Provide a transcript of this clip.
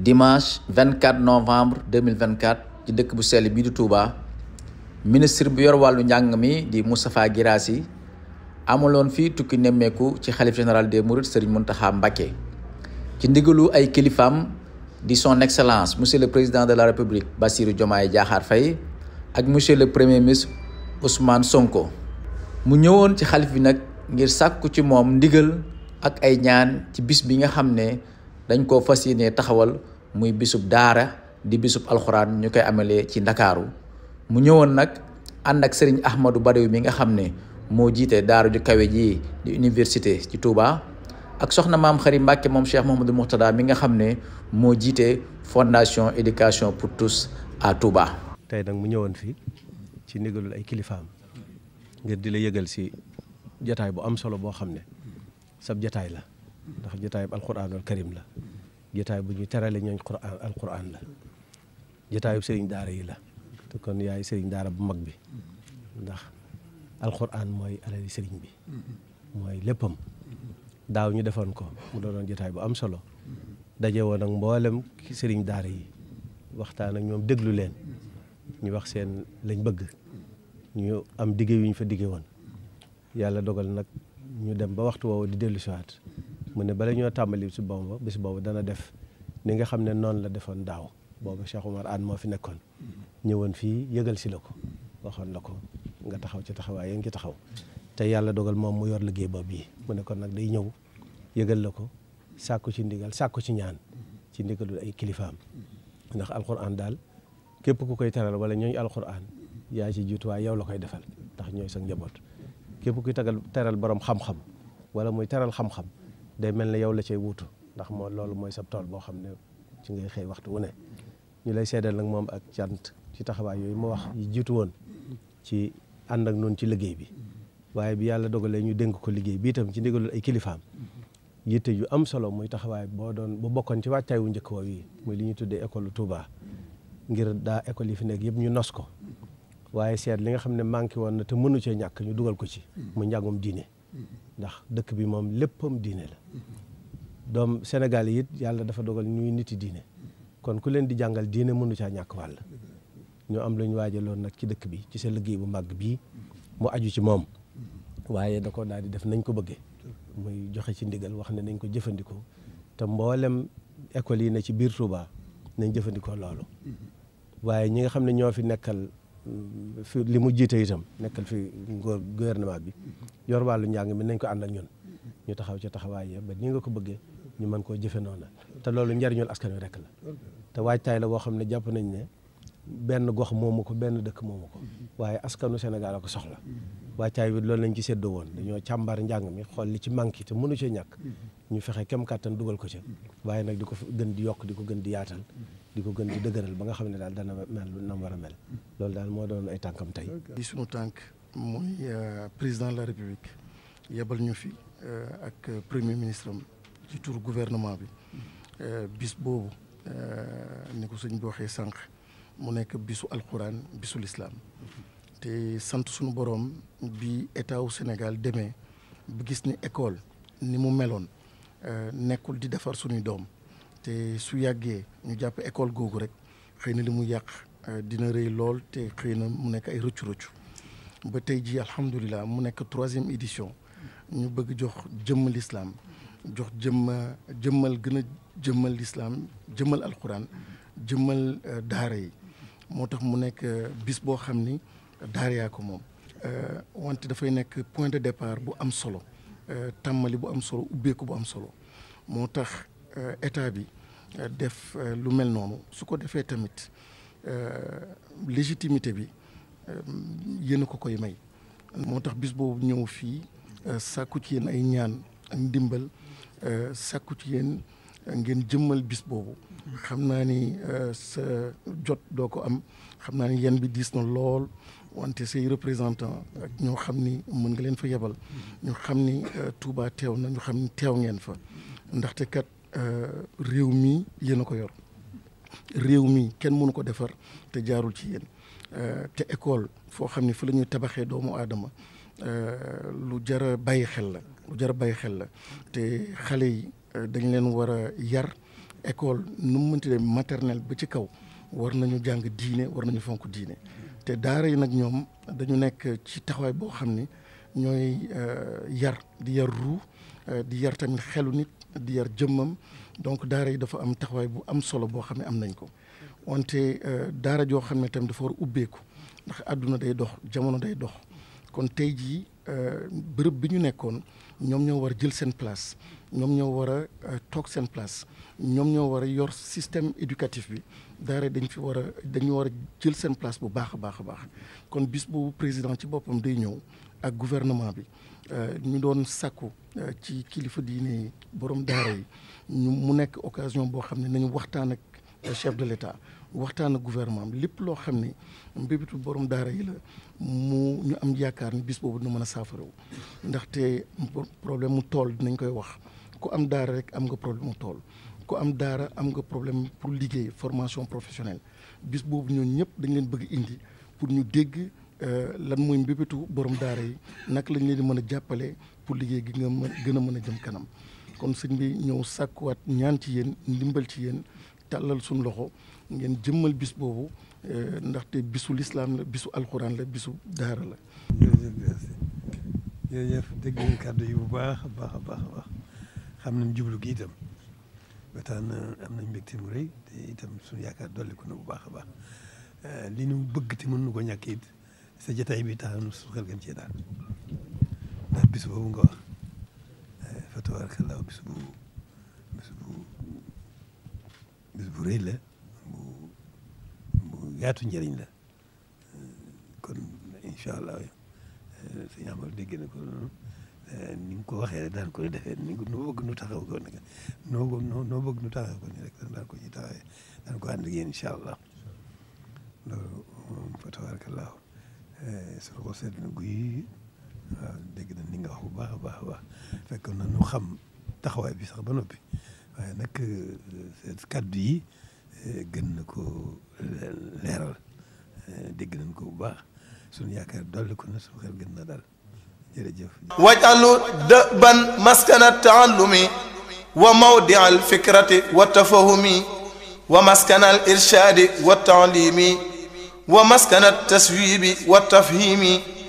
dimanche 24 novembre 2024 ci dëkk bu sell bii di Touba ministre bu yor wàllu njàng mi di Moustapha Guirassy amaloon fii tukki nemmeeku ci xalif général des Mourides Serigne Mountakha Mbacké ci ndigalu ay kilifaam di son excellence monsieur le président de la république Bassirou Diomaye Diakhar fay ak monsieur le premier ministre Ousmane Sonko mu ñëwoon ci xalif bi nag ngir sàkku ci moom ndigal ak ay ñaan ci bis bi nga xam ne dañ koo fas yéene taxawal muy bisub daara di bisub alxuraan ñu koy amalee ci ndakaaru mu ñëwoon nag ànd ak sëriñ Ahmadou Badawi mi nga xam ne moo jiite daara di kawe ji di université ci Touba ak soxna maam Xari Mbàkke moom Cheikh Mouhamadou Mourtada mi nga xam ne moo jiite fondation éducation pour tous à Touba. tey nag mu ñëwoon fii ci ndigalul ay kilifaam ngir di la yëgal si jataay bu am solo boo xam ne sab jataay la ndax jataay bu alxuraanul karim la. jotaay bu ñu terale ñooñ quraan alquran la jotaayu sëriñ daara yi la te kon yaay sëriñ daara bu mag bi ndax alquran mooy alali sëriñ bi mooy léppam daaw ñu defoon ko mu doonoon jotaay bu am solo daje woon ak mboolem sëriñ daara yi waxtaan ak ñoom déglu leen ñu wax seen lañ bëgg ñu am digge yu ñu fa digge woon yàlla dogal nag ñu dem ba waxtu woowu di dellusiwaat mu ne bala ñoo tàmbali si boobu bis boobu dana def ni nga xam ne noonu la defoon daaw boobu Cheikh Oumar Anne moo fi nekkoon ñëwoon fii yëgal si la ko waxoon la ko nga taxaw ci taxawaay yéen ci taxaw te yàlla dogal moom mu yor liggéey boobu yi mu ne nag day ñëw yëgal la ko sàkku ci ndigal sàkku ñaan ci ndigalul ay kilifaam ndax alxuraan daal képp ku koy teral wala ñooñu alxuraan yaa ci jiitu waaye yow la koy defal ndax ñooy sa njaboot képp kuy tagal teral boroom xam-xam wala muy teral xam-xam day mel ne yow la cay wuutu ndax moo loolu mooy sab tool boo xam ne ci ngay xëy waxtu wu ne ñu lay seedeel nag moom ak cant ci taxawaay yooyu ma wax yi jiitu woon ci ànd ak noonu ci liggéey bi waaye bi yàlla dogalee ñu dénk ko liggéey bi itam ci ndigalul ay kilifaam yitte yu am solo muy taxawaay boo doon bu bokkoon ci wàccaay wu njëkk woow yi muy li ñu tuddee école Touba ngir daa école yi fi nekk yëpp ñu nos ko waaye seet li nga xam ne manqué woon na te mënu cee ñàkk ñu dugal ko ci mu njàngum diine ndax dëkk bi moom léppam diine la doom Sénégal yi it yàlla dafa dogal ñuy niti diine kon ku leen di jàngal diine mënu caa ñàkk wàll ñoo am lu ñu waajaloon nag ci dëkk bi ci seen liggéey bu màgg bii mu aju ci moom waaye da ko daal di def nañ ko bëggee muy joxe ci ndigal wax ne nañ ko jëfandikoo te mboolem école yi na ci biir Touba nañ jëfandikoo loolu waaye ñi nga xam ne ñoo fi nekkal fi li mu jiite itam nekkal fi gouvernement bi yor wàllu njàng mi nañ ko ànd ak ñun ñu taxaw ci taxawaay ba ni nga ko bëggee ñu mën koo jëfe noonu te loolu njariñul askan wi rek la te waajtaay la woo xam ne jàpp nañ ne benn gox moomu ko benn dëkk moomu ko waaye askanu Sénégal ak ko soxla waajtaay bi loolu lañ ci séddoo woon dañoo càmbar njàng mi xool li ci manqué te mënu cee ñàkk ñu fexe kem kàttan dugal ko ca waaye nag di ko gën di yokk di ko gën di yaatal di ko gën di dëgëral ba nga xam ne daal dana mel na mu war a mel loolu daal moo doon ay tànkam tey. bi suñu tànk muy euh, président de la république yebal ñu fi euh, ak premier ministre am ci tur gouvernement bi euh, bis boobu ni ko sëñ bi waxee sànq mu nekk bisu alxuraan bisu lislaam te sant suñu boroom bi état wu Sénégal demee bu gis ni école ni mu meloon nekkul di defar suñuy doom. te su yàggee ñu jàpp école googu rek xëy na li mu yàq euh, dina rëy lool te xëy na mu nekk ay rëccu-rëccu ba tey ji alhamdulilah mu nekk troisième édition ñu bëgg jox jëmm lislaam jox jëmma jëmmal gën a jëmmal lislaam jëmmal alxuraan jëmmal euh, daara yi moo tax mu nekk euh, bis boo xam ni daara yaa ko moom wante dafay nekk point de départ bu am solo tàmbali bu am solo ubbeeku bu am solo moo tax Euh, état bi euh, def euh, lu mel noonu su ko defee tamit légitimité bi yéen a ko koy may. moo tax bis boobu ñëw fii sàkku ci yéen ay ñaan ak ndimbal sàkku ci yéen ngeen jëmmal bis boobu. xam naa ni sa jot doo ko am xam naa ni yan bi diis na lool wante say représentant ak ñoo xam ni mën nga leen fa yebal. ñu xam ni Touba teew na ñu xam ni teew ngeen fa. ndaxte kat. Euh, réew mi yéen a ko yor réew mi kenn mënu ko defar te jaarul ci yéen euh, te école foo xam ne fa la ñuy tabaxee doomu aadama euh, lu jar a bàyyi xel la lu jar a bàyyi xel la te xale yi dañ leen war a yar école nu mu mënti dem maternelle ba ci kaw war nañu jàng diine war nañu fonk diine te daara yi nag ñoom dañu nekk ci taxawaay boo xam ni ñooy euh, yar di yar ruu euh, di yar tamit xelu nit di yar jëmmam donc daara yi dafa am taxawaay bu am solo boo xam ne am nañ ko wante euh, daara joo xam ne tamit dafa war ubbeeku ndax àdduna day dox jamono day dox kon tey jii Euh, bërëb bi ñu nekkoon ñoom ñoo war a jël seen place ñoom ñoo war a euh, toog seen place ñoom ñoo war a yor système éducatif bi daara dañ fi war a dañu war jël seen place bu baax a baax a baax kon bis boobu président ci boppam day ñëw ak gouvernement bi euh, ñu doon sàkku ci kilifa diine yi borom daara yi ñu mu nekk occasion boo xam ne nañu waxtaan ak chef de l'État waxtaan ak gouvernement am lépp loo xam ni mbébitu borom daara yi la mu ñu am yaakaar ni bis boobu dina mën a saafarawu ndaxte problème mu tool dinañ koy wax ku am daara rek am nga problème mu tool ku am daara am nga problème pour liggéey formation professionnelle bis boobu ñooñu ñëpp dañu leen bëgg indi pour ñu dégg euh, lan mooy mbébétu borom daara yi naka lañ leen di mën a jàppale pour liggéey gi nga gën a mën a jëm kanam kon suñ bi ñëw sàkkuwaat ñaan ci yéen ndimbal ci yéen tàllal suñ loxo ngeen jëmmal bis boobu eh, ndaxte bisu lislaam la bisu alxuraan la bisu daara la. jërëjëf merci jërëjëf dégg ngeen kàddu yi bu baax a baax a baax a baax xam nañ am nañ mbégte mu rëy te itam bu baax a baax eh, li bëgg te mën nu ko ñàkk it sa jotaay bi tax na xel gën cee daal boobu nga eh, bis bu la bu yaatu njëriñ la kon incha allah sëñ Amal dégg na ko noonu ni nga ko waxee rek daan ko defee ni nga noo bëgg nu ko nag daan ko ci taxawee daan ko ànd ak yéen incha allah loolu moom fa tabarakallahu su ko seet na guy waaw na ni nga baax a baax baax fekk na nu xam taxawaay bi sax ba noppi. waaye nag euh, euh, euh, nañ ko bu baax sunu yaakaar maskana taallumi wa mawdia alfikrati wa tafahumi wa maskana al wa taalimi wa maskana taswibi wa tafhimi